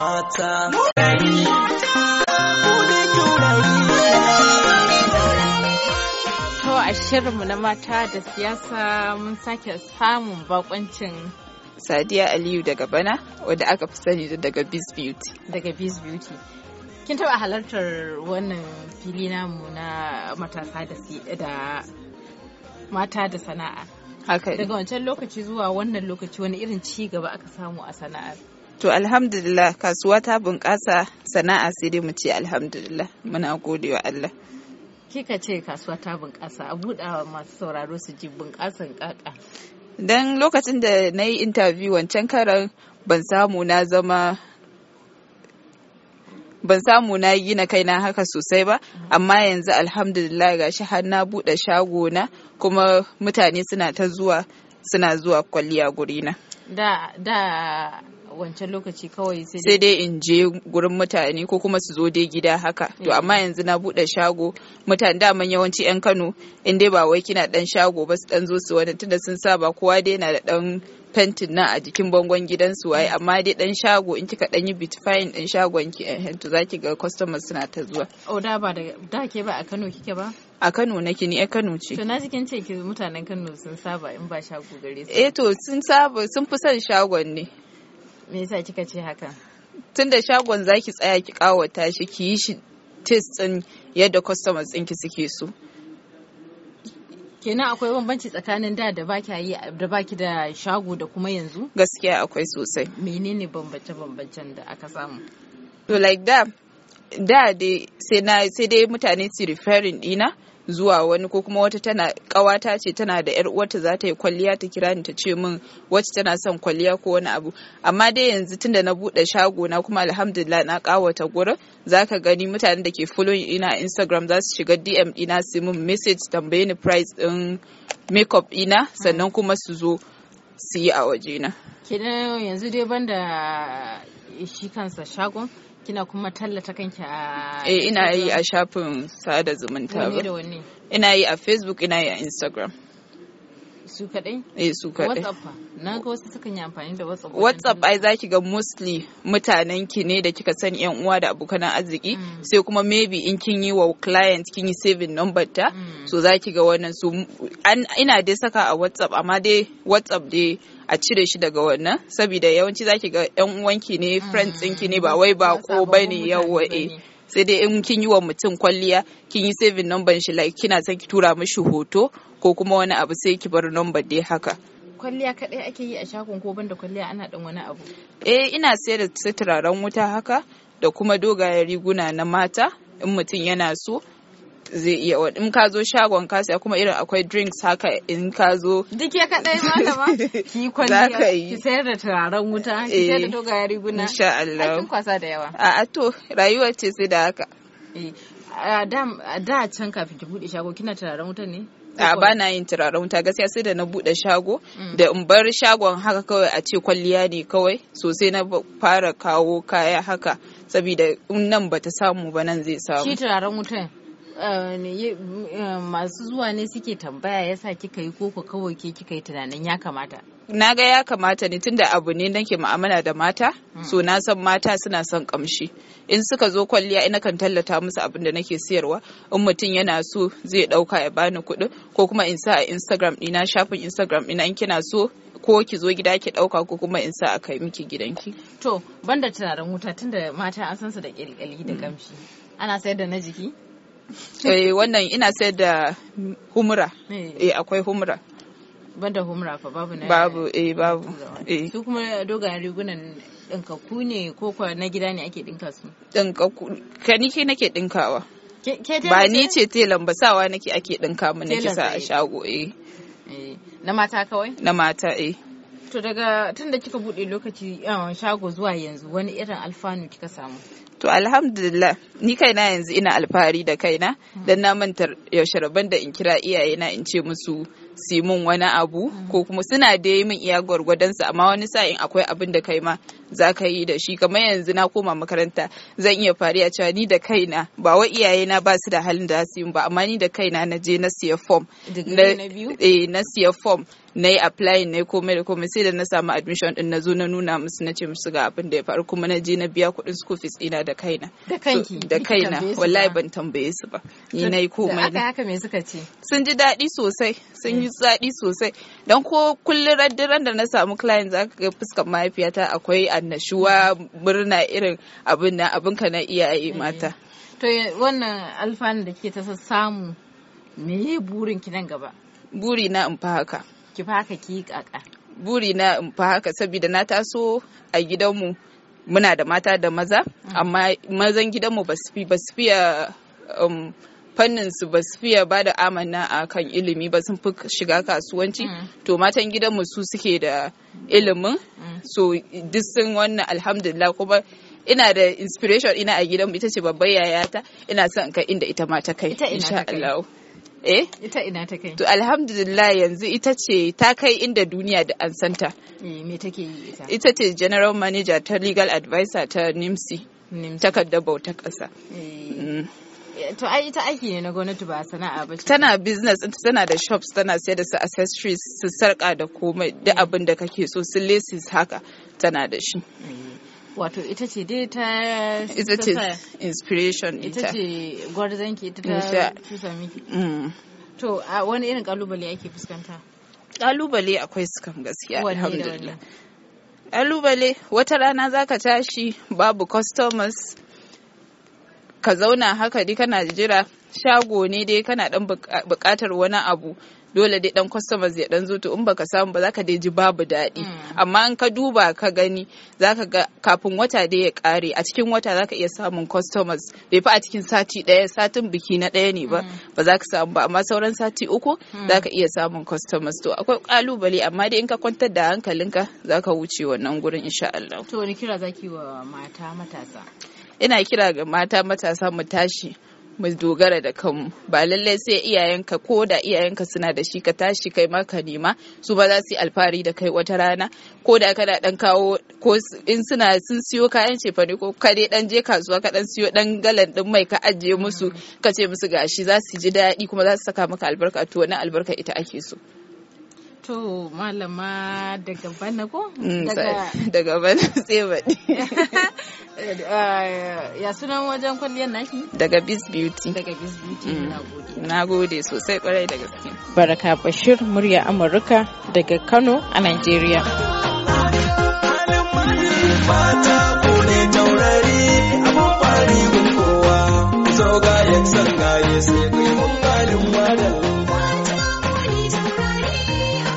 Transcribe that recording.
mata. To a shirinmu na mata da siyasa mun sake samun bakoncin Sadiya Aliyu daga Bana wadda aka fi sani da daga Biz Beauty. Daga Biz Beauty. Kin taɓa halartar wannan fili namu na matasa da mata da sana'a. Haka Daga wancan lokaci zuwa wannan lokaci wani irin ci gaba aka samu a sana'ar. To alhamdulillah kasuwa ta bunƙasa sana'a sai dai mu ce alhamdulillah muna gode wa Allah. Kika ce kasuwa ta bunƙasa a buɗawa masu sauraro su ji bunƙasan ƙaƙa. Dan lokacin da na yi interview wancan karan ban samu na zama ban samu na gina kaina haka sosai ba mm. amma yanzu alhamdulillah gashi har na buɗe shago na kuma mutane suna ta zuwa suna zuwa kwalliya gurina. Da da wancan lokaci kawai sai dai in je gurin mutane ko kuma su zo dai gida haka to amma eh. yanzu na bude shago mutane da man yawanci yan Kano in dai ba wai kina dan shago ba su dan zo su wani tunda sun saba kowa dai yana da dan fentin nan a jikin bangon gidan su waye eh. amma dai dan shago in kika dan yi bitfine dan shagon ki eh, to zaki ga customers suna ta zuwa o da ba da da ke ba a Kano kike ba a Kano nake ni a Kano ce to na cikin ce ki mutanen Kano sun saba in ba shago gare su eh to sun saba sun fi son shagon ne me yasa kika ce haka tunda shagon zaki tsaya ki kawata shi ki yi shi test din yadda customers ɗinki suke so kenan akwai bambanci tsakanin da da baki yi da baki da shago da kuma yanzu gaskiya akwai sosai menene bambance bambancen da aka samu to like that da dai sai na sai dai mutane su referring dina zuwa wani ko kuma wata tana kawata ce tana da yar uwarta za ta yi kwalliya ta kira ni ta ce min wacce tana son kwalliya ko wani abu amma dai yanzu tunda na bude shago na kuma alhamdulillah na kawata gurin zaka gani mutanen da ke following ina Instagram za su shiga DM ina su min message tambaye ni price din makeup ina sannan kuma su zo su yi a waje na. Kenan yanzu dai banda shi kansa shagon kina kuma tallata kanki a eh ina yi a shafin sada zumunta ba ina yi a facebook ina yi a instagram su kadai eh su kadai whatsapp na ga wasu sukan yi amfani da whatsapp whatsapp ai zaki ga mostly mutanen ki ne da kika san yan uwa da abokan arziki mm. sai kuma maybe in kin yi wa client kin yi saving number ta mm. so zaki ga wannan su ina dai saka a whatsapp amma dai whatsapp dai a cire shi daga wannan saboda yawanci zaki ga yan uwanki ne mm. friends ɗinki ne ba wai ba ko bane yawa eh sai dai in kin yi wa mutum kwalliya kin yi saving number shi like kina son ki tura mishi hoto ko kuma wani abu sai ki bar number dai haka kwalliya kaɗai ake yi a shagon ko banda kwalliya ana dan wani abu eh ina sayar da turaren wuta haka da kuma dogayen riguna na mata in mutum yana so zai iya wa in ka zo shagon ka sai kuma irin akwai drinks haka in ka zo duk ya kadai malama ki kwalliya ki sayar da turaren wuta ki sayar da eh, dogayen riguna insha Allah kin kwasa da yawa a to rayuwar ce sai da haka eh, da can kafin ki bude shago kina turaren wuta ne a ba na yin turaren wuta gaskiya sai da na bude shago mm. da in bar shagon haka kawai a ce kwalliya ne kawai sosai na fara kawo kaya haka saboda in nan bata samu ba nan zai samu shi turaren wuta Eh, eh, masu zuwa ne suke tambaya yasa kika yi koko kawai ke kika yi tunanin ya kamata na ga ya kamata ne tunda abu ne nake mu'amala da mata hmm. so na san mata suna son kamshi in suka zo kwalliya ina kan tallata musu abin da nake siyarwa in mutum yana so zai dauka ya bani kuɗi ko kuma in sa a instagram ɗina shafin instagram ɗina in kina so ko ki zo gida ki dauka ko kuma in sa a kai miki gidanki to banda tunanin wuta tunda mata an san su da kyalkyali da kamshi hmm. ana sayar da na jiki eh wannan ina sayar da humra eh. eh akwai humra banda humra fa babu na babu eh babu eh su kuma dogayen rigunan dinkaku ne ko kwa na gida ne ake dinka su dinkaku ke nake dinkawa ba ni ce telan ba sawa nake ake dinka mu nake sa a shago eh. eh na mata kawai na mata eh to daga tun da kika bude lokaci ah, shago zuwa yanzu wani irin alfanu kika samu to alhamdulillah ni kaina yanzu ina alfahari da kaina dan na manta yaushe rabon da in kira iyayena in ce musu su mun wani abu ko kuma suna da yi min iya gwargwadon su amma wani sa'in akwai abin da kai ma za ka yi da shi kamar yanzu na koma makaranta zan iya fari a cewa ni da kaina ba wa iyayena ba su da halin da su yi ba amma ni da kaina na na siya form eh, na siya form na yi applying na komai da komai sai da na samu admission din na zo na nuna musu na ce musu ga abin da ya faru kuma na je na biya kuɗin school fees ina da kaina da kanki da kaina wallahi ban tambaye su ba ni na yi komai da haka me suka ce sun ji daɗi sosai sun yi daɗi eh. sosai dan ko kullun raddiran da na samu client zaka ga fuskar mahaifiyata akwai annashuwa murna irin abin na abin ka na iyaye eh. mata to wannan alfanu da ke ta samu me burin ki nan gaba buri na in fa haka ki fa haka ki kaka buri na fa haka saboda na taso a gidanmu muna da mata da maza amma mazan gidanmu ba su fi ba su fiya um, fannin su ba su fiya ba da amana a kan ilimi ba sun fi shiga kasuwanci mm. to matan gidanmu su suke da ilimin mm. so duk sun wannan alhamdulillah kuma ina da inspiration ina a gidanmu ita ce babbar yayata ina son kai inda ita ma ta kai insha Allah eh ita ina ta kai to alhamdulillah yanzu ita ce ta kai inda duniya da an santa eh me take yi ita ita ce general manager ta legal advisor ta NIMSI takardar bauta ƙasa eh. Mm. Eh, to ai ita aiki ne na gwamnati ba sana'a ba tana business ɗinta tana da shops tana sayar da su accessories su sarka da komai duk mm. abin da kake so su laces haka tana da shi eh. wato ita ce dai ta ita ce inspiration ita ce ki ita ta cusa miki mm. to a wani irin kalubale ake fuskanta kalubale akwai su kam gaskiya alhamdulillah kalubale wata rana zaka tashi babu customers ka zauna haka dai kana jira shago ne dai kana dan bukatar wani abu dole dai dan customers ya dan zo to in baka samu ba zaka dai ji babu daɗi mm. amma in ka duba ka gani zaka ga kafin wata dai ya kare a cikin wata zaka iya samun customers bai fi a cikin sati ɗaya satin biki na ɗaya ne ba mm. ba zaka samu ba amma sauran sati uku mm. zaka iya samun customers to akwai kalubale amma dai in ka kwantar da hankalinka zaka wuce wannan gurin insha Allah to wani kira zaki wa mata matasa ina kira ga mata matasa mu tashi mu dogara da kanmu ba lallai sai iyayenka ko da iyayenka suna da shi ka tashi kai ma ka nema su ba za su yi alfahari da kai wata rana ko da kana dan kawo ko in suna sun siyo kayan cefane ko ka dai dan je kasuwa ka dan siyo dan galan din mai ka ajiye musu ka ce musu gashi za su ji daɗi kuma za su saka maka albarka to wannan albarka ita ake so To malama daga bana ko? Mm, daga bana sai baɗi. Eh, ya sunan wajen kwalliyar naki? Daga Biz Beauty. Daga Biz Beauty mm. na gode. sosai kwarai da gaske. Baraka Bashir murya Amurka daga Kano a Najeriya. sai kai mun